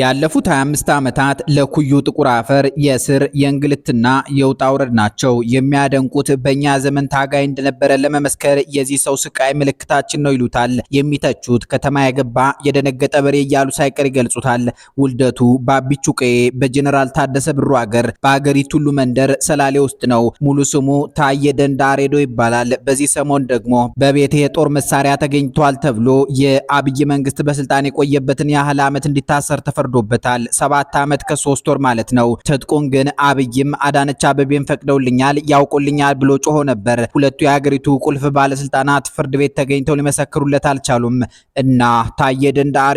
ያለፉት 25 ዓመታት ለኩዩ ጥቁር አፈር የስር የእንግልትና የውጣ ውረድ ናቸው። የሚያደንቁት በእኛ ዘመን ታጋይ እንደነበረ ለመመስከር የዚህ ሰው ስቃይ ምልክታችን ነው ይሉታል። የሚተቹት ከተማ የገባ የደነገጠ በሬ እያሉ ሳይቀር ይገልጹታል። ውልደቱ በአቢቹ ቀዬ በጀኔራል ታደሰ ብሩ አገር በአገሪቱ ሁሉ መንደር ሰላሌ ውስጥ ነው። ሙሉ ስሙ ታየ ደንዳ ሬዶ ይባላል። በዚህ ሰሞን ደግሞ በቤት የጦር መሳሪያ ተገኝቷል ተብሎ የአብይ መንግስት በስልጣን የቆየበትን ያህል ዓመት እንዲታሰር ተፈ ተፈርዶበታል። ሰባት ዓመት ከሶስት ወር ማለት ነው። ትጥቁን ግን አብይም አዳነች አበቤን ፈቅደውልኛል ያውቁልኛል ብሎ ጮሆ ነበር። ሁለቱ የሀገሪቱ ቁልፍ ባለስልጣናት ፍርድ ቤት ተገኝተው ሊመሰክሩለት አልቻሉም እና ታየ ደንደአ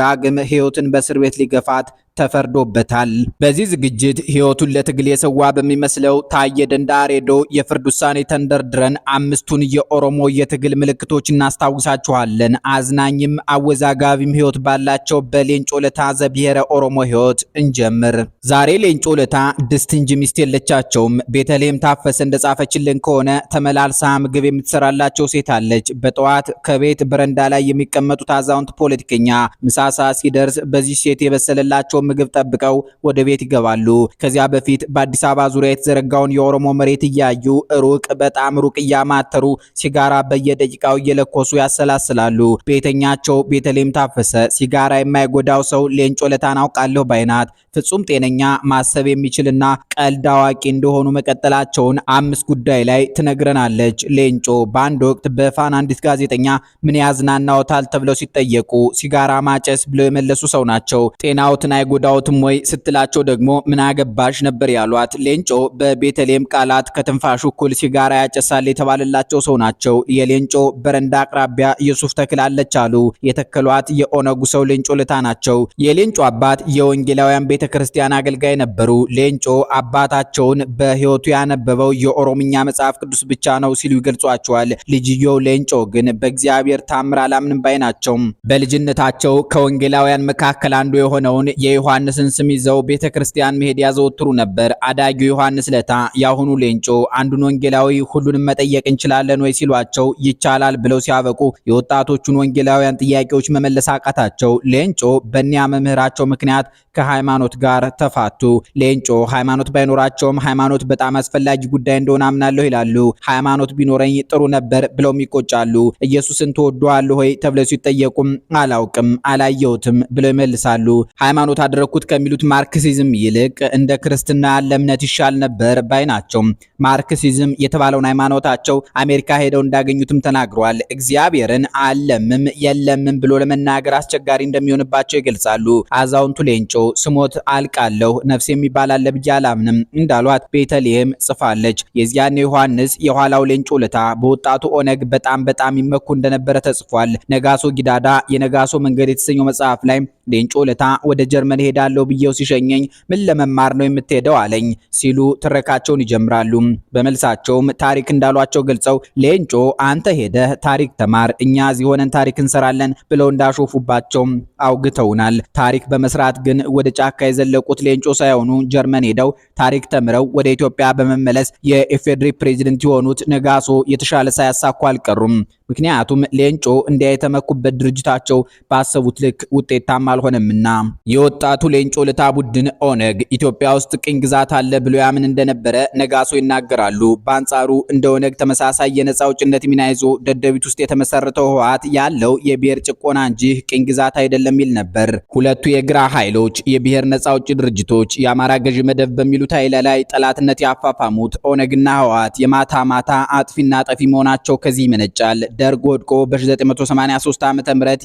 ዳግም ህይወትን በእስር ቤት ሊገፋት ተፈርዶበታል። በዚህ ዝግጅት ህይወቱን ለትግል የሰዋ በሚመስለው ታየ ደንዳ ሬዶ የፍርድ ውሳኔ ተንደርድረን አምስቱን የኦሮሞ የትግል ምልክቶች እናስታውሳችኋለን። አዝናኝም አወዛጋቢም ህይወት ባላቸው በሌንጮ ለታ ዘብሔረ ኦሮሞ ህይወት እንጀምር። ዛሬ ሌንጮ ለታ ድስት እንጂ ሚስት የለቻቸውም። ቤተልሔም ታፈሰ እንደጻፈችልን ከሆነ ተመላልሳ ምግብ የምትሰራላቸው ሴት አለች። በጠዋት ከቤት በረንዳ ላይ የሚቀመጡት አዛውንት ፖለቲከኛ ምሳሳ ሲደርስ በዚህ ሴት የበሰለላቸው ምግብ ጠብቀው ወደ ቤት ይገባሉ። ከዚያ በፊት በአዲስ አበባ ዙሪያ የተዘረጋውን የኦሮሞ መሬት እያዩ ሩቅ በጣም ሩቅ እያማተሩ ሲጋራ በየደቂቃው እየለኮሱ ያሰላስላሉ። ቤተኛቸው ቤተልሔም ታፈሰ ሲጋራ የማይጎዳው ሰው ሌንጮ ለታን አውቃለሁ ባይናት ፍጹም ጤነኛ ማሰብ የሚችልና ቀልድ አዋቂ እንደሆኑ መቀጠላቸውን አምስት ጉዳይ ላይ ትነግረናለች። ሌንጮ በአንድ ወቅት በፋና አንዲት ጋዜጠኛ ምን ያዝናናዎታል ተብለው ሲጠየቁ ሲጋራ ማጨስ ብለው የመለሱ ሰው ናቸው። ጤናዎትን አይጎ አይጎዳዎትም ወይ ስትላቸው ደግሞ ምን አገባሽ ነበር ያሏት። ሌንጮ በቤተልሔም ቃላት ከትንፋሹ እኩል ሲጋራ ያጨሳል የተባለላቸው ሰው ናቸው። የሌንጮ በረንዳ አቅራቢያ የሱፍ ተክል አለች አሉ። የተከሏት የኦነጉ ሰው ሌንጮ ልታ ናቸው። የሌንጮ አባት የወንጌላውያን ቤተ ክርስቲያን አገልጋይ ነበሩ። ሌንጮ አባታቸውን በህይወቱ ያነበበው የኦሮምኛ መጽሐፍ ቅዱስ ብቻ ነው ሲሉ ይገልጿቸዋል። ልጅየው ሌንጮ ግን በእግዚአብሔር ታምር አላምንም ባይ ናቸው። በልጅነታቸው ከወንጌላውያን መካከል አንዱ የሆነውን ዮሐንስን ስም ይዘው ቤተ ክርስቲያን መሄድ ያዘወትሩ ነበር። አዳጊው ዮሐንስ ለታ ያሁኑ ሌንጮ አንዱን ወንጌላዊ ሁሉንም መጠየቅ እንችላለን ወይ ሲሏቸው ይቻላል ብለው ሲያበቁ የወጣቶቹን ወንጌላውያን ጥያቄዎች መመለስ አቃታቸው። ሌንጮ በእኒያ መምህራቸው ምክንያት ከሃይማኖት ጋር ተፋቱ። ሌንጮ ሃይማኖት ባይኖራቸውም ሃይማኖት በጣም አስፈላጊ ጉዳይ እንደሆነ አምናለሁ ይላሉ። ሃይማኖት ቢኖረኝ ጥሩ ነበር ብለውም ይቆጫሉ። ኢየሱስን ትወደዋለህ ወይ ተብለው ሲጠየቁም አላውቅም አላየሁትም ብለው ይመልሳሉ። ሃይማኖት አደረግኩት ከሚሉት ማርክሲዝም ይልቅ እንደ ክርስትና ለምነት ይሻል ነበር ባይ ናቸው። ማርክሲዝም የተባለውን ሃይማኖታቸው አሜሪካ ሄደው እንዳገኙትም ተናግረዋል። እግዚአብሔርን አለምም የለምም ብሎ ለመናገር አስቸጋሪ እንደሚሆንባቸው ይገልጻሉ። አዛውንቱ ሌንጮ ስሞት አልቃለሁ ነፍሴ የሚባል አለ ብዬ አላምንም እንዳሏት ቤተልሔም ጽፋለች። የዚያን ዮሐንስ የኋላው ሌንጮ ለታ በወጣቱ ኦነግ በጣም በጣም ይመኩ እንደነበረ ተጽፏል። ነጋሶ ጊዳዳ የነጋሶ መንገድ የተሰኘው መጽሐፍ ላይ ሌንጮ ለታ ወደ ጀርመን ለመለመን እሄዳለሁ ብዬው ሲሸኘኝ ምን ለመማር ነው የምትሄደው አለኝ ሲሉ ትረካቸውን ይጀምራሉ። በመልሳቸውም ታሪክ እንዳሏቸው ገልጸው ሌንጮ አንተ ሄደህ ታሪክ ተማር፣ እኛ እዚህ ሆነን ታሪክ እንሰራለን ብለው እንዳሾፉባቸው አውግተውናል። ታሪክ በመስራት ግን ወደ ጫካ የዘለቁት ሌንጮ ሳይሆኑ ጀርመን ሄደው ታሪክ ተምረው ወደ ኢትዮጵያ በመመለስ የኢፌዴሪ ፕሬዝደንት የሆኑት ነጋሶ የተሻለ ሳያሳኩ አልቀሩም። ምክንያቱም ሌንጮ እንዳይተመኩበት ድርጅታቸው ባሰቡት ልክ ውጤታማ አልሆነምና። የወጣቱ ሌንጮ ልታ ቡድን ኦነግ ኢትዮጵያ ውስጥ ቅኝ ግዛት አለ ብሎ ያምን እንደነበረ ነጋሶ ይናገራሉ። በአንጻሩ እንደ ኦነግ ተመሳሳይ የነጻ አውጭነት ሚና ይዞ ደደቢት ውስጥ የተመሰረተው ህወሓት ያለው የብሔር ጭቆና እንጂ ቅኝ ግዛት አይደለም ይል ነበር። ሁለቱ የግራ ኃይሎች የብሔር ነጻ አውጭ ድርጅቶች የአማራ ገዢ መደብ በሚሉት ኃይለ ላይ ጠላትነት ያፋፋሙት ኦነግና ህወሓት የማታ ማታ አጥፊና ጠፊ መሆናቸው ከዚህ ይመነጫል። ደርግ ወድቆ በ1983 ዓ ም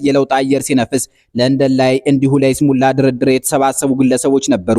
የለውጥ አየር ሲነፍስ ለንደን ላይ እንዲሁ ለይስሙላ ድርድር የተሰባሰቡ ግለሰቦች ነበሩ።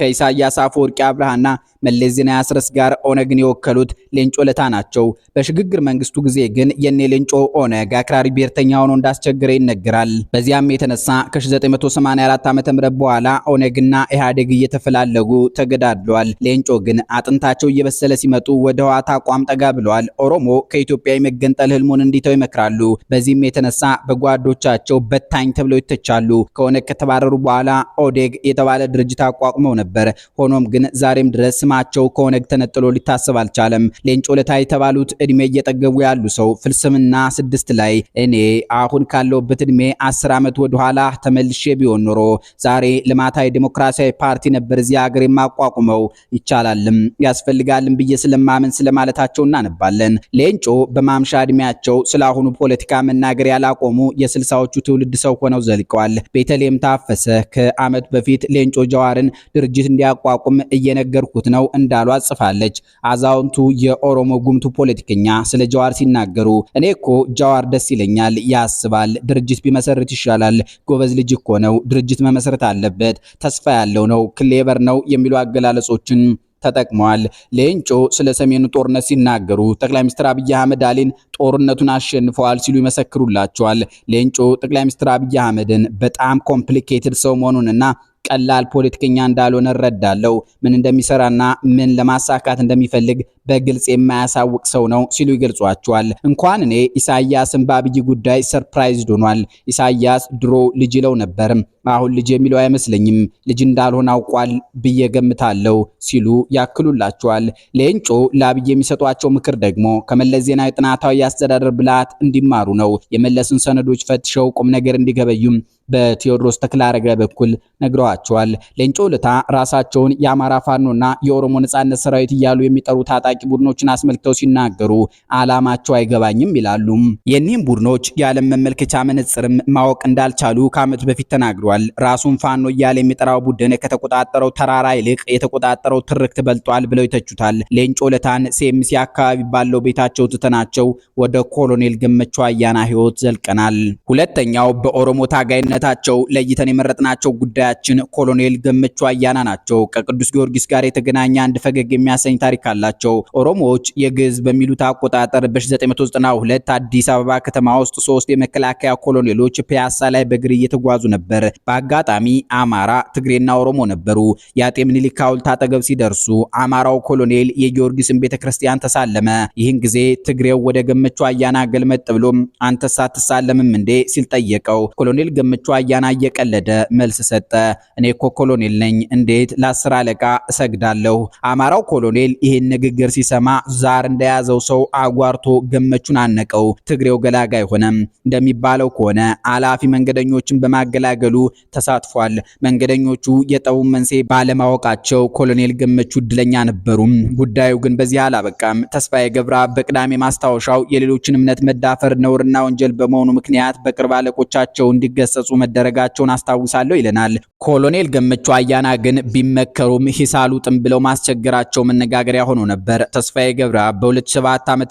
ከኢሳያስ አፈወርቂ አብርሃና መለስ ዜናዊ አስረስ ጋር ኦነግን የወከሉት ሌንጮ ለታ ናቸው። በሽግግር መንግስቱ ጊዜ ግን የኔ ሌንጮ ኦነግ አክራሪ ብሔርተኛ ሆኖ እንዳስቸገረ ይነገራል። በዚያም የተነሳ ከ1984 ዓ.ም በኋላ ኦነግና ኢህአዴግ እየተፈላለጉ ተገዳድሏል። ሌንጮ ግን አጥንታቸው እየበሰለ ሲመጡ ወደ ህወሓት አቋም ጠጋ ብለዋል። ኦሮሞ ከኢትዮጵያ የመገንጠል ህልሙን እንዲተው ይመክራሉ። በዚህም የተነሳ በጓዶቻቸው በታኝ ተብለው ይተቻሉ። ከኦነግ ከተባረሩ በኋላ ኦዴግ የተባለ ድርጅት አቋቁመው ነበር። ሆኖም ግን ዛሬም ድረስ ስማቸው ከኦነግ ተነጥሎ ሊታሰብ አልቻለም። ሌንጮ ለታ የተባሉት እድሜ እየጠገቡ ያሉ ሰው ፍልስምና ስድስት ላይ እኔ አሁን ካለውበት እድሜ አስር ዓመት ወደኋላ ተመልሼ ቢሆን ኖሮ ዛሬ ልማታዊ ዲሞክራሲያዊ ፓርቲ ነበር እዚህ ሀገር የማቋቁመው ይቻላልም ያስፈልጋልም ብዬ ስለማመን ስለማለታቸው እናነባለን። ሌንጮ በማምሻ እድሜያቸው ስለአሁኑ ፖለቲካ መናገር ያላቆሙ የስልሳዎቹ ትውልድ ሰው ሆነው ዘልቀዋል። ቤተልሔም ታፈሰ ከዓመት በፊት ሌንጮ ጀዋርን ድርጅ ድርጅት እንዲያቋቁም እየነገርኩት ነው እንዳሉ አጽፋለች። አዛውንቱ የኦሮሞ ጉምቱ ፖለቲከኛ ስለ ጃዋር ሲናገሩ እኔ እኮ ጃዋር ደስ ይለኛል፣ ያስባል፣ ድርጅት ቢመሰርት ይሻላል፣ ጎበዝ ልጅ እኮ ነው፣ ድርጅት መመስረት አለበት፣ ተስፋ ያለው ነው፣ ክሌበር ነው የሚሉ አገላለጾችን ተጠቅመዋል። ሌንጮ ስለ ሰሜኑ ጦርነት ሲናገሩ ጠቅላይ ሚኒስትር አብይ አህመድ አሊን ጦርነቱን አሸንፈዋል ሲሉ ይመሰክሩላቸዋል። ሌንጮ ጠቅላይ ሚኒስትር አብይ አህመድን በጣም ኮምፕሊኬትድ ሰው መሆኑንና ቀላል ፖለቲከኛ እንዳልሆነ እረዳለሁ። ምን እንደሚሰራና ምን ለማሳካት እንደሚፈልግ በግልጽ የማያሳውቅ ሰው ነው ሲሉ ይገልጿቸዋል። እንኳን እኔ ኢሳያስን በአብይ ጉዳይ ሰርፕራይዝ ዶኗል። ኢሳያስ ድሮ ልጅ ይለው ነበርም፣ አሁን ልጅ የሚለው አይመስለኝም። ልጅ እንዳልሆን አውቋል ብዬ ገምታለሁ ሲሉ ያክሉላቸዋል። ሌንጮ ለአብይ የሚሰጧቸው ምክር ደግሞ ከመለስ ዜናዊ ጥናታዊ የአስተዳደር ብልሃት እንዲማሩ ነው። የመለስን ሰነዶች ፈትሸው ቁም ነገር እንዲገበዩም በቴዎድሮስ ተክለአረጋዊ በኩል ነግረዋቸዋል። ሌንጮ ለታ ራሳቸውን የአማራ ፋኖና የኦሮሞ ነጻነት ሰራዊት እያሉ የሚጠሩ ታጣቂ ታጣቂ ቡድኖችን አስመልክተው ሲናገሩ አላማቸው አይገባኝም ይላሉ። የኒህም ቡድኖች የዓለም መመልከቻ መነጽርም ማወቅ እንዳልቻሉ ከዓመት በፊት ተናግሯል። ራሱን ፋኖ እያለ የሚጠራው ቡድን ከተቆጣጠረው ተራራ ይልቅ የተቆጣጠረው ትርክት በልጧል ብለው ይተቹታል። ሌንጮ ለታን ሴምሲ አካባቢ ባለው ቤታቸው ትተናቸው ወደ ኮሎኔል ገመቹ አያና ህይወት ዘልቀናል። ሁለተኛው በኦሮሞ ታጋይነታቸው ለይተን የመረጥናቸው ጉዳያችን ኮሎኔል ገመቹ አያና ናቸው። ከቅዱስ ጊዮርጊስ ጋር የተገናኘ አንድ ፈገግ የሚያሰኝ ታሪክ አላቸው። ኦሮሞዎች የግዝ በሚሉት አቆጣጠር በ1992 አዲስ አበባ ከተማ ውስጥ ሶስት የመከላከያ ኮሎኔሎች ፒያሳ ላይ በእግር እየተጓዙ ነበር። በአጋጣሚ አማራ፣ ትግሬና ኦሮሞ ነበሩ። የአጤ ምኒልክ ሐውልት አጠገብ ሲደርሱ አማራው ኮሎኔል የጊዮርጊስን ቤተክርስቲያን ተሳለመ። ይህን ጊዜ ትግሬው ወደ ገመቹ አያና ገልመጥ ብሎም አንተሳ አትሳለምም እንዴ ሲል ጠየቀው። ኮሎኔል ገመቹ አያና እየቀለደ መልስ ሰጠ። እኔ እኮ ኮሎኔል ነኝ፣ እንዴት ለአስር አለቃ እሰግዳለሁ። አማራው ኮሎኔል ይህን ንግግር ሲሰማ ዛር እንደያዘው ሰው አጓርቶ ገመቹን አነቀው። ትግሬው ገላጋይ ሆነም። እንደሚባለው ከሆነ አላፊ መንገደኞችን በማገላገሉ ተሳትፏል። መንገደኞቹ የጠቡን መንስኤ ባለማወቃቸው ኮሎኔል ገመቹ እድለኛ ነበሩም። ጉዳዩ ግን በዚህ አላበቃም። ተስፋዬ ገብራ በቅዳሜ ማስታወሻው የሌሎችን እምነት መዳፈር ነውርና ወንጀል በመሆኑ ምክንያት በቅርብ አለቆቻቸው እንዲገሰጹ መደረጋቸውን አስታውሳለሁ ይለናል። ኮሎኔል ገመቹ አያና ግን ቢመከሩም ሂሳሉ ጥም ብለው ማስቸገራቸው መነጋገሪያ ሆኖ ነበር። ተስፋዬ ገብረአብ በ2007 ዓ.ም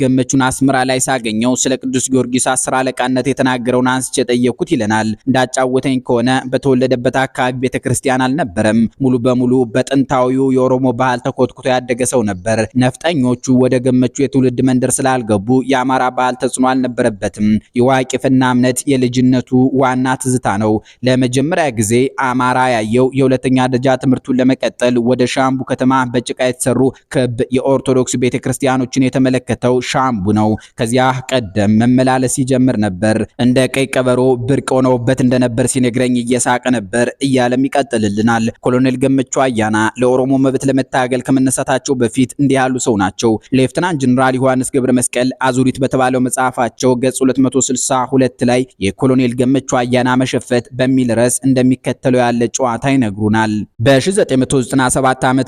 ገመቹን አስመራ ላይ ሳገኘው ስለ ቅዱስ ጊዮርጊስ አስር አለቃነት የተናገረውን አንስቼ የጠየኩት ይለናል። እንዳጫወተኝ ከሆነ በተወለደበት አካባቢ ቤተክርስቲያን አልነበረም። ሙሉ በሙሉ በጥንታዊው የኦሮሞ ባህል ተኮትኩቶ ያደገ ሰው ነበር። ነፍጠኞቹ ወደ ገመቹ የትውልድ መንደር ስላልገቡ የአማራ ባህል ተጽዕኖ አልነበረበትም። የዋቂፍና እምነት የልጅነቱ ዋና ትዝታ ነው። ለመጀመሪያ ጊዜ አማራ ያየው የሁለተኛ ደረጃ ትምህርቱን ለመቀጠል ወደ ሻምቡ ከተማ በጭቃ የተሰሩ ክብ የኦርቶዶክስ ቤተክርስቲያኖችን የተመለከተው ሻምቡ ነው። ከዚያ ቀደም መመላለስ ይጀምር ነበር። እንደ ቀይ ቀበሮ ብርቅ ሆነውበት እንደነበር ሲነግረኝ እየሳቀ ነበር እያለም ይቀጥልልናል። ኮሎኔል ገመቹ አያና ለኦሮሞ መብት ለመታገል ከመነሳታቸው በፊት እንዲህ ያሉ ሰው ናቸው። ሌፍትናንት ጀነራል ዮሐንስ ገብረ መስቀል አዙሪት በተባለው መጽሐፋቸው ገጽ 262 ላይ የኮሎኔል ገመቹ አያና መሸፈት በሚል ርዕስ እንደሚከተለው ያለ ጨዋታ ይነግሩናል። በ1997 ዓ.ም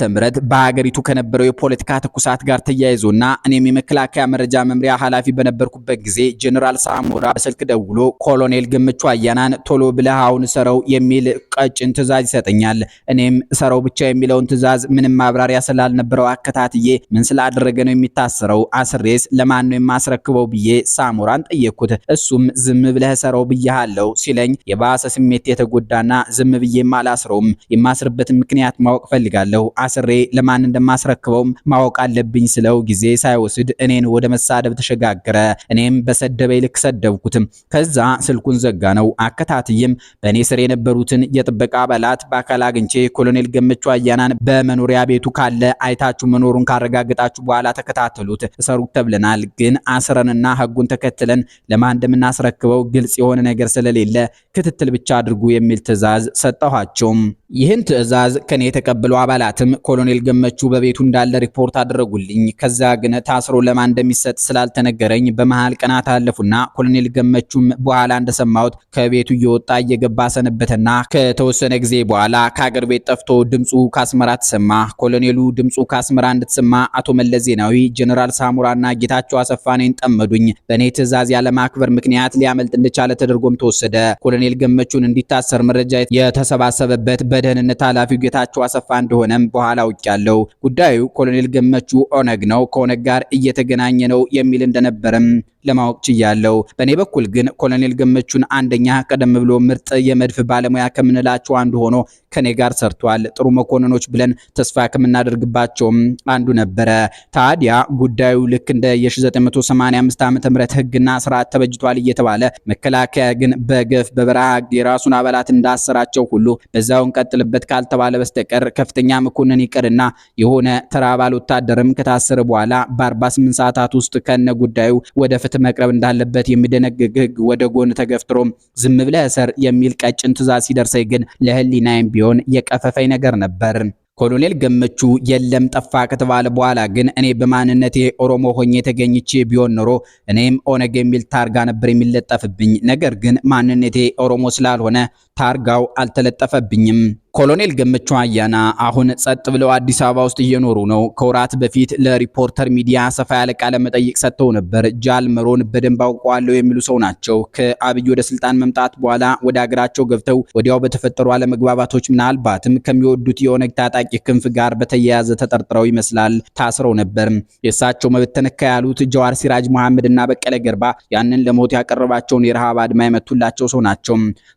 በሀገሪቱ ከነበረው የፖለቲካ ትኩሳት ጋር ተያይዞና እኔም የመከላከያ መረጃ መምሪያ ኃላፊ በነበርኩበት ጊዜ ጀኔራል ሳሞራ በስልክ ደውሎ ኮሎኔል ግምቹ አያናን ቶሎ ብለህ አሁን ሰረው የሚል ቀጭን ትዕዛዝ ይሰጠኛል። እኔም ሰረው ብቻ የሚለውን ትዕዛዝ ምንም ማብራሪያ ስላልነበረው አከታትዬ ምን ስላደረገ ነው የሚታሰረው? አስሬስ ለማን ነው የማስረክበው ብዬ ሳሞራን ጠየቅኩት። እሱም ዝም ብለህ ሰረው ብያሃለው ሲለኝ የባሰ ስሜት የተጎዳና ዝም ብዬም አላስረውም። የማስርበትን ምክንያት ማወቅ ፈልጋለሁ። አስሬ ለማን እንደማስረክበውም ማወቅ ማወቅ አለብኝ ስለው ጊዜ ሳይወስድ እኔን ወደ መሳደብ ተሸጋገረ። እኔም በሰደበኝ ልክ ሰደብኩትም። ከዛ ስልኩን ዘጋ ነው። አከታትይም በእኔ ስር የነበሩትን የጥበቃ አባላት በአካል አግኝቼ ኮሎኔል ገመቹ አያናን በመኖሪያ ቤቱ ካለ አይታችሁ መኖሩን ካረጋገጣችሁ በኋላ ተከታተሉት፣ እሰሩት ተብለናል። ግን አስረንና ህጉን ተከትለን ለማን እንደምናስረክበው ግልጽ የሆነ ነገር ስለሌለ ክትትል ብቻ አድርጉ የሚል ትዕዛዝ ሰጠኋቸውም። ይህን ትዕዛዝ ከኔ የተቀበሉ አባላትም ኮሎኔል ገመቹ በቤቱ እንዳለ ሪፖርት አደረጉልኝ። ከዛ ግን ታስሮ ለማን እንደሚሰጥ ስላልተነገረኝ በመሃል ቀናት አለፉና ኮሎኔል ገመቹም በኋላ እንደሰማሁት ከቤቱ እየወጣ እየገባ ሰነበተና ከተወሰነ ጊዜ በኋላ ከአገር ቤት ጠፍቶ ድምፁ ከአስመራ ተሰማ። ኮሎኔሉ ድምፁ ከአስመራ እንድትሰማ አቶ መለስ ዜናዊ፣ ጀኔራል ሳሙራና ጌታቸው አሰፋኔን ጠመዱኝ። በእኔ ትዕዛዝ ያለማክበር ምክንያት ሊያመልጥ እንደቻለ ተደርጎም ተወሰደ። ኮሎኔል ገመቹን እንዲታሰር መረጃ የተሰባሰበበት ደህንነት ኃላፊው ጌታቸው አሰፋ እንደሆነም በኋላ አውቄያለሁ። ጉዳዩ ኮሎኔል ገመቹ ኦነግ ነው ከኦነግ ጋር እየተገናኘ ነው የሚል እንደነበረም ለማወቅ ችያለሁ። በእኔ በኩል ግን ኮሎኔል ገመቹን አንደኛ ቀደም ብሎ ምርጥ የመድፍ ባለሙያ ከምንላቸው አንዱ ሆኖ ከኔ ጋር ሰርቷል። ጥሩ መኮንኖች ብለን ተስፋ ከምናደርግባቸውም አንዱ ነበረ። ታዲያ ጉዳዩ ልክ እንደ የ1985 ም ህግና ስርዓት ተበጅቷል እየተባለ መከላከያ ግን በገፍ በበረሃ የራሱን አባላት እንዳሰራቸው ሁሉ በዛውን ቀጥ ይቀጥልበት ካልተባለ በስተቀር ከፍተኛ መኮንን ይቅርና የሆነ ተራ አባል ወታደርም ከታሰረ በኋላ በ48 ሰዓታት ውስጥ ከነ ጉዳዩ ወደ ፍትህ መቅረብ እንዳለበት የሚደነግግ ህግ ወደ ጎን ተገፍትሮም ዝም ብለህ እሰር የሚል ቀጭን ትዛዝ ሲደርሰኝ ግን ለህሊናይም ቢሆን የቀፈፈኝ ነገር ነበር። ኮሎኔል ገመቹ የለም ጠፋ ከተባለ በኋላ ግን እኔ በማንነቴ ኦሮሞ ሆኜ ተገኝቼ ቢሆን ኖሮ እኔም ኦነግ የሚል ታርጋ ነበር የሚለጠፍብኝ። ነገር ግን ማንነቴ ኦሮሞ ስላልሆነ ታርጋው አልተለጠፈብኝም። ኮሎኔል ገመቹ አያና አሁን ጸጥ ብለው አዲስ አበባ ውስጥ እየኖሩ ነው። ከወራት በፊት ለሪፖርተር ሚዲያ ሰፋ ያለ ቃለ መጠይቅ ሰጥተው ነበር። ጃል መሮን በደንብ አውቀዋለሁ የሚሉ ሰው ናቸው። ከአብይ ወደ ስልጣን መምጣት በኋላ ወደ አገራቸው ገብተው ወዲያው በተፈጠሩ አለመግባባቶች ምናልባትም ከሚወዱት የኦነግ ታጣቂ ታጣቂ ክንፍ ጋር በተያያዘ ተጠርጥረው ይመስላል ታስረው ነበር። የእሳቸው መብት ተነካ ያሉት ጀዋር ሲራጅ መሐመድ እና በቀለ ገርባ ያንን ለሞት ያቀረባቸውን የረሃብ አድማ የመቱላቸው ሰው ናቸው።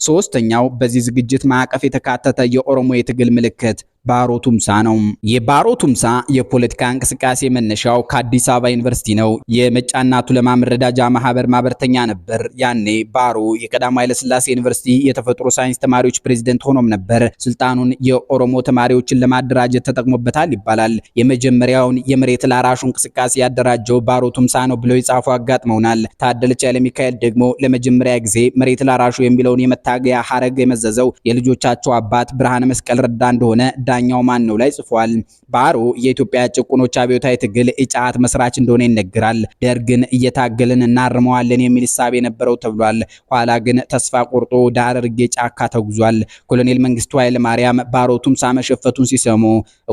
ሶስተኛው በዚህ ዝግጅት ማዕቀፍ የተካተተ የኦሮሞ የትግል ምልክት ባሮ ቱምሳ ነው። የባሮ ቱምሳ የፖለቲካ እንቅስቃሴ መነሻው ከአዲስ አበባ ዩኒቨርሲቲ ነው። የመጫና ቱለማ መረዳጃ ማህበር ማህበርተኛ ነበር። ያኔ ባሮ የቀዳማዊ ኃይለስላሴ ዩኒቨርሲቲ የተፈጥሮ ሳይንስ ተማሪዎች ፕሬዝደንት ሆኖም ነበር። ስልጣኑን የኦሮሞ ተማሪዎችን ለማደራጀት ተጠቅሞበታል ይባላል። የመጀመሪያውን የመሬት ላራሹ እንቅስቃሴ ያደራጀው ባሮ ቱምሳ ነው ብለው የጻፉ አጋጥመውናል። ታደለች ኃይለሚካኤል ደግሞ ለመጀመሪያ ጊዜ መሬት ላራሹ የሚለውን የመታገያ ሀረግ የመዘዘው የልጆቻቸው አባት ብርሃነ መስቀል ረዳ እንደሆነ ሌላኛው ማን ነው ላይ ጽፏል። ባሮ የኢትዮጵያ ጭቁኖች አብዮታዊ ትግል እጫት መስራች እንደሆነ ይነገራል። ደርግን እየታገልን እናርመዋለን የሚል ሳቤ የነበረው ተብሏል። ኋላ ግን ተስፋ ቆርጦ ዳር ጫካ ተጉዟል። ኮሎኔል መንግስቱ ኃይለ ማርያም ባሮ ቱምሳ መሸፈቱን ሲሰሙ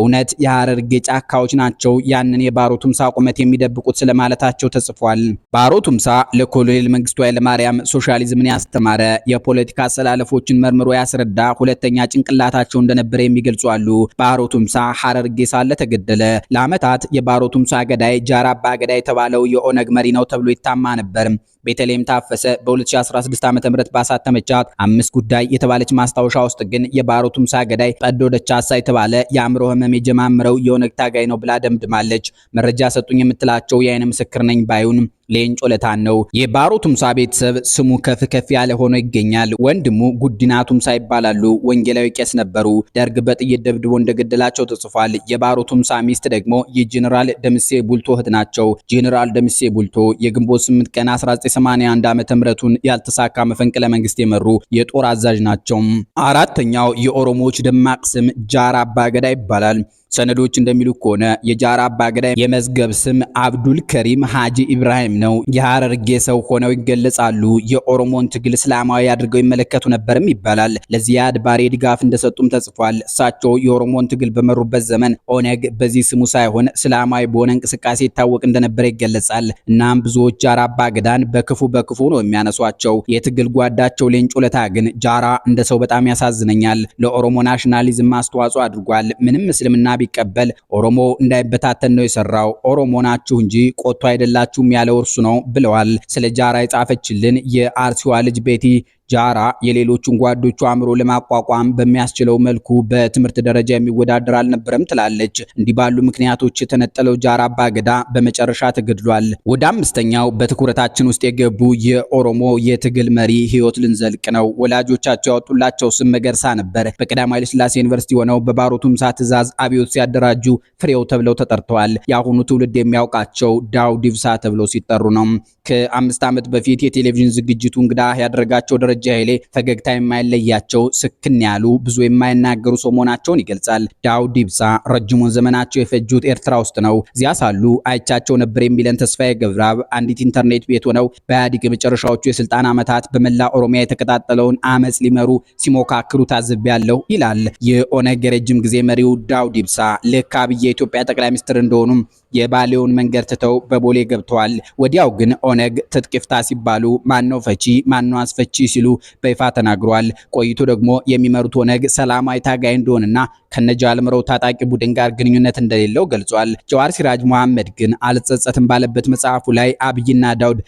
እውነት የሀረርጌ ጫካዎች ናቸው ያንን የባሮ ቱምሳ ቁመት የሚደብቁት ስለማለታቸው ተጽፏል። ባሮ ቱምሳ ለኮሎኔል መንግስቱ ኃይለ ማርያም ሶሻሊዝምን ያስተማረ የፖለቲካ አሰላለፎችን መርምሮ ያስረዳ ሁለተኛ ጭንቅላታቸው እንደነበረ የሚገልጹ አሉ። ባሮ ቱምሳ ሐረር ጌሳ ተገደለ። ለዓመታት የባሮ ቱምሳ ገዳይ ጃራባ ገዳይ የተባለው የኦነግ መሪ ነው ተብሎ ይታማ ነበር። ቤተልሔም ታፈሰ በ2016 ዓ.ም ባሳተመቻት አምስት ጉዳይ የተባለች ማስታወሻ ውስጥ ግን የባሮ ቱምሳ ገዳይ ጠዶ ደቻሳ የተባለ የአእምሮ ህመም የጀማምረው የኦነግ ታጋይ ነው ብላ ደምድማለች። መረጃ ሰጡኝ የምትላቸው የአይን ምስክር ነኝ ባዩንም ሌንጮ ለታን ነው። የባሮ ቱምሳ ቤተሰብ ስሙ ከፍ ከፍ ያለ ሆኖ ይገኛል። ወንድሙ ጉዲና ቱምሳ ይባላሉ። ወንጌላዊ ቄስ ነበሩ። ደርግ በጥይት ደብድቦ እንደገደላቸው ተጽፏል። የባሮ ቱምሳ ሚስት ደግሞ የጄኔራል ደምሴ ቡልቶ እህት ናቸው። ጄኔራል ደምሴ ቡልቶ የግንቦት 8 ቀን 19 81 ዓመተ ምህረቱን ያልተሳካ መፈንቅለ መንግስት የመሩ የጦር አዛዥ ናቸው። አራተኛው የኦሮሞዎች ደማቅ ስም ጃራ አባ ይባላል። ሰነዶች እንደሚሉ ከሆነ የጃራ አባገዳይ የመዝገብ ስም አብዱል ከሪም ሀጂ ኢብራሂም ነው። የሀረርጌ ሰው ሆነው ይገለጻሉ። የኦሮሞን ትግል እስላማዊ አድርገው ይመለከቱ ነበርም ይባላል። ለዚያድ ባሬ ድጋፍ እንደሰጡም ተጽፏል። እሳቸው የኦሮሞን ትግል በመሩበት ዘመን ኦነግ በዚህ ስሙ ሳይሆን እስላማዊ በሆነ እንቅስቃሴ ይታወቅ እንደነበረ ይገለጻል። እናም ብዙዎች ጃራ አባገዳን በክፉ በክፉ ነው የሚያነሷቸው። የትግል ጓዳቸው ሌንጮ ለታ ግን ጃራ እንደ ሰው በጣም ያሳዝነኛል። ለኦሮሞ ናሽናሊዝም አስተዋጽኦ አድርጓል። ምንም እስልምና ቢቀበል ኦሮሞ እንዳይበታተን ነው የሰራው። ኦሮሞ ናችሁ እንጂ ቆቶ አይደላችሁም ያለው እርሱ ነው ብለዋል። ስለ ጃራ የጻፈችልን የአርሲዋ ልጅ ቤቲ ጃራ የሌሎቹን ጓዶቹ አእምሮ ለማቋቋም በሚያስችለው መልኩ በትምህርት ደረጃ የሚወዳደር አልነበረም ትላለች። እንዲህ ባሉ ምክንያቶች የተነጠለው ጃራ አባገዳ በመጨረሻ ተገድሏል። ወደ አምስተኛው በትኩረታችን ውስጥ የገቡ የኦሮሞ የትግል መሪ ህይወት ልንዘልቅ ነው። ወላጆቻቸው ያወጡላቸው ስም መገርሳ ነበር። በቀዳማዊ ኃይለ ሥላሴ ዩኒቨርሲቲ ሆነው በባሮ ቱምሳ ትእዛዝ አብዮት ሲያደራጁ ፍሬው ተብለው ተጠርተዋል። የአሁኑ ትውልድ የሚያውቃቸው ዳው ዲብሳ ተብለው ሲጠሩ ነው። ከአምስት ዓመት በፊት የቴሌቪዥን ዝግጅቱ እንግዳ ያደረጋቸው ደረጃ ደረጀ ኃይሌ ፈገግታ የማይለያቸው ስክን ያሉ ብዙ የማይናገሩ ሰው መሆናቸውን ይገልጻል። ዳውድ ኢብሳ ረጅሙን ዘመናቸው የፈጁት ኤርትራ ውስጥ ነው። እዚያ ሳሉ አይቻቸው ነበር የሚለን ተስፋዬ ገብረአብ አንዲት ኢንተርኔት ቤት ሆነው በኢህአዴግ የመጨረሻዎቹ የስልጣን ዓመታት በመላ ኦሮሚያ የተቀጣጠለውን አመፅ ሊመሩ ሲሞካክሩ ታዝቤያለሁ ይላል። የኦነግ የረጅም ጊዜ መሪው ዳውድ ኢብሳ ልክ አብይ የኢትዮጵያ ጠቅላይ ሚኒስትር እንደሆኑም የባሌውን መንገድ ትተው በቦሌ ገብተዋል። ወዲያው ግን ኦነግ ትጥቅ ይፍታ ሲባሉ ማነው ፈቺ ማነው አስፈቺ ሲሉ ሲሉ በይፋ ተናግሯል። ቆይቶ ደግሞ የሚመሩት ኦነግ ሰላማዊ ታጋይ እንደሆነና ከነጃል ታጣቂ ቡድን ጋር ግንኙነት እንደሌለው ገልጿል። ጀዋር ሲራጅ መሐመድ ግን አልጸጸትም ባለበት መጽሐፉ ላይ አብይና ዳውድ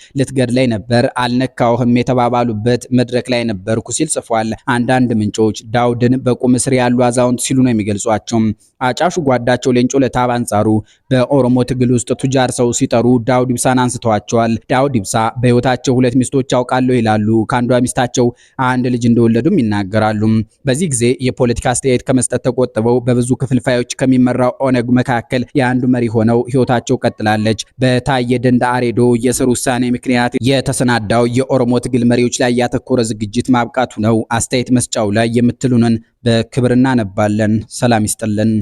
ላይ ነበር አልነካውህም የተባባሉበት መድረክ ላይ ነበርኩ ሲል ጽፏል። አንዳንድ ምንጮች ዳውድን በቁም እስር ያሉ አዛውንት ሲሉ ነው የሚገልጿቸው። አጫሹ ጓዳቸው ሌንጮ ለታ በአንጻሩ በኦሮሞ ትግል ውስጥ ቱጃር ሰው ሲጠሩ ዳውድ ኢብሳን አንስተዋቸዋል። ዳውድ ኢብሳ በህይወታቸው ሁለት ሚስቶች ያውቃለሁ ይላሉ። ከአንዷ ሚስታ እሳቸው አንድ ልጅ እንደወለዱም ይናገራሉ። በዚህ ጊዜ የፖለቲካ አስተያየት ከመስጠት ተቆጥበው በብዙ ክፍልፋዮች ከሚመራው ኦነግ መካከል የአንዱ መሪ ሆነው ህይወታቸው ቀጥላለች። በታየ ደንዳ አሬዶ የስር ውሳኔ ምክንያት የተሰናዳው የኦሮሞ ትግል መሪዎች ላይ ያተኮረ ዝግጅት ማብቃቱ ነው። አስተያየት መስጫው ላይ የምትሉንን በክብር እናነባለን። ሰላም ይስጥልን።